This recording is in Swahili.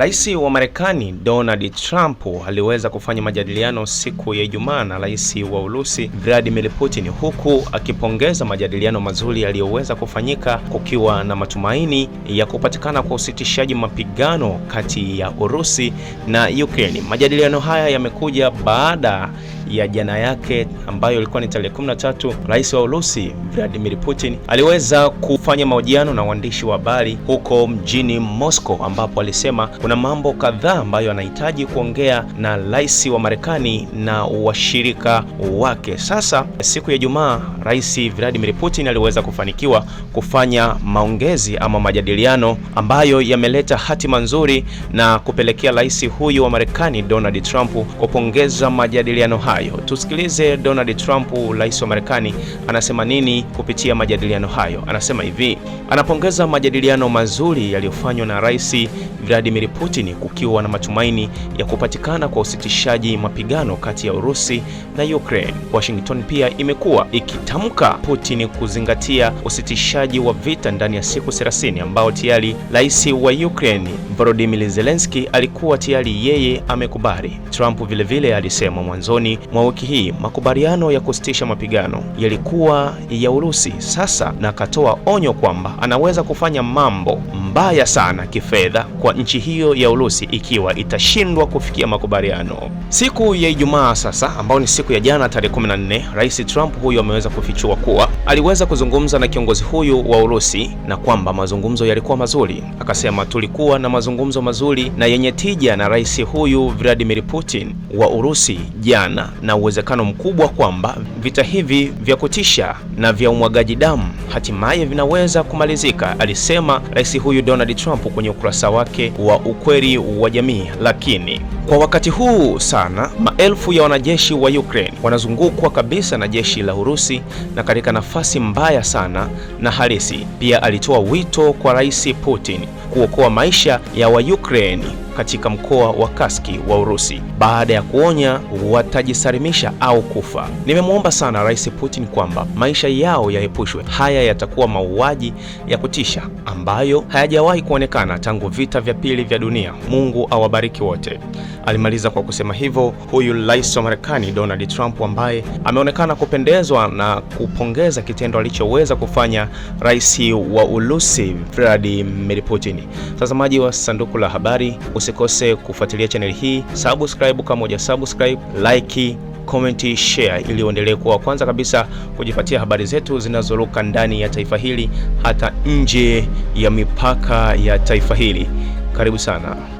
Rais wa Marekani Donald Trump aliweza kufanya majadiliano siku ya Ijumaa na Rais wa Urusi Vladimir Putin, huku akipongeza majadiliano mazuri yaliyoweza kufanyika, kukiwa na matumaini ya kupatikana kwa usitishaji mapigano kati ya Urusi na Ukraine. Majadiliano haya yamekuja baada ya jana yake ambayo ilikuwa ni tarehe 13, rais wa Urusi Vladimir Putin aliweza kufanya mahojiano na waandishi wa habari huko mjini Moscow, ambapo alisema kuna mambo kadhaa ambayo anahitaji kuongea na rais wa Marekani na washirika wake. Sasa siku ya Ijumaa, rais Vladimir Putin aliweza kufanikiwa kufanya maongezi ama majadiliano ambayo yameleta hatima nzuri na kupelekea rais huyu wa Marekani Donald Trump kupongeza majadiliano hayo hayo. Tusikilize Donald Trump, rais wa Marekani, anasema nini kupitia majadiliano hayo. Anasema hivi, anapongeza majadiliano mazuri yaliyofanywa na Rais Vladimir Putin, kukiwa na matumaini ya kupatikana kwa usitishaji mapigano kati ya Urusi na Ukraine. Washington pia imekuwa ikitamka Putin kuzingatia usitishaji wa vita ndani ya siku 30 ambao tayari rais wa Ukraine Volodymyr Zelensky alikuwa tayari yeye amekubali. Trump vilevile alisema mwanzoni mwa wiki hii makubaliano ya kusitisha mapigano yalikuwa ya Urusi sasa, na akatoa onyo kwamba anaweza kufanya mambo mbaya sana kifedha kwa nchi hiyo ya Urusi ikiwa itashindwa kufikia makubaliano. Siku ya Ijumaa sasa, ambayo ni siku ya jana tarehe 14, Rais Trump huyu ameweza kufichua kuwa aliweza kuzungumza na kiongozi huyu wa Urusi na kwamba mazungumzo yalikuwa mazuri. Akasema tulikuwa na mazungumzo mazuri na yenye tija na rais huyu Vladimir Putin wa Urusi jana, na uwezekano mkubwa kwamba vita hivi vya kutisha na vya umwagaji damu hatimaye vinaweza kumalizika, alisema rais huyu huyu Donald Trump kwenye ukurasa wake wa ukweli wa jamii. Lakini kwa wakati huu sana, maelfu ya wanajeshi wa Ukraine wanazungukwa kabisa na jeshi la Urusi na katika nafasi mbaya sana na halisi. Pia alitoa wito kwa Rais Putin kuokoa maisha ya wa Ukraine katika mkoa wa Kaski wa Urusi baada ya kuonya watajisalimisha au kufa. Nimemwomba sana Rais Putin kwamba maisha yao yaepushwe. Haya yatakuwa mauaji ya kutisha ambayo hayajawahi kuonekana tangu vita vya pili vya dunia. Mungu awabariki wote. Alimaliza kwa kusema hivyo huyu rais wa Marekani Donald Trump ambaye ameonekana kupendezwa na kupongeza kitendo alichoweza kufanya rais wa Urusi Vladimir Putin. Mtazamaji wa Sanduku la Habari, usikose kufuatilia chaneli hii, subscribe kama uja subscribe, like comment, share ili uendelee kuwa kwanza kabisa kujipatia habari zetu zinazoruka ndani ya taifa hili hata nje ya mipaka ya taifa hili. Karibu sana.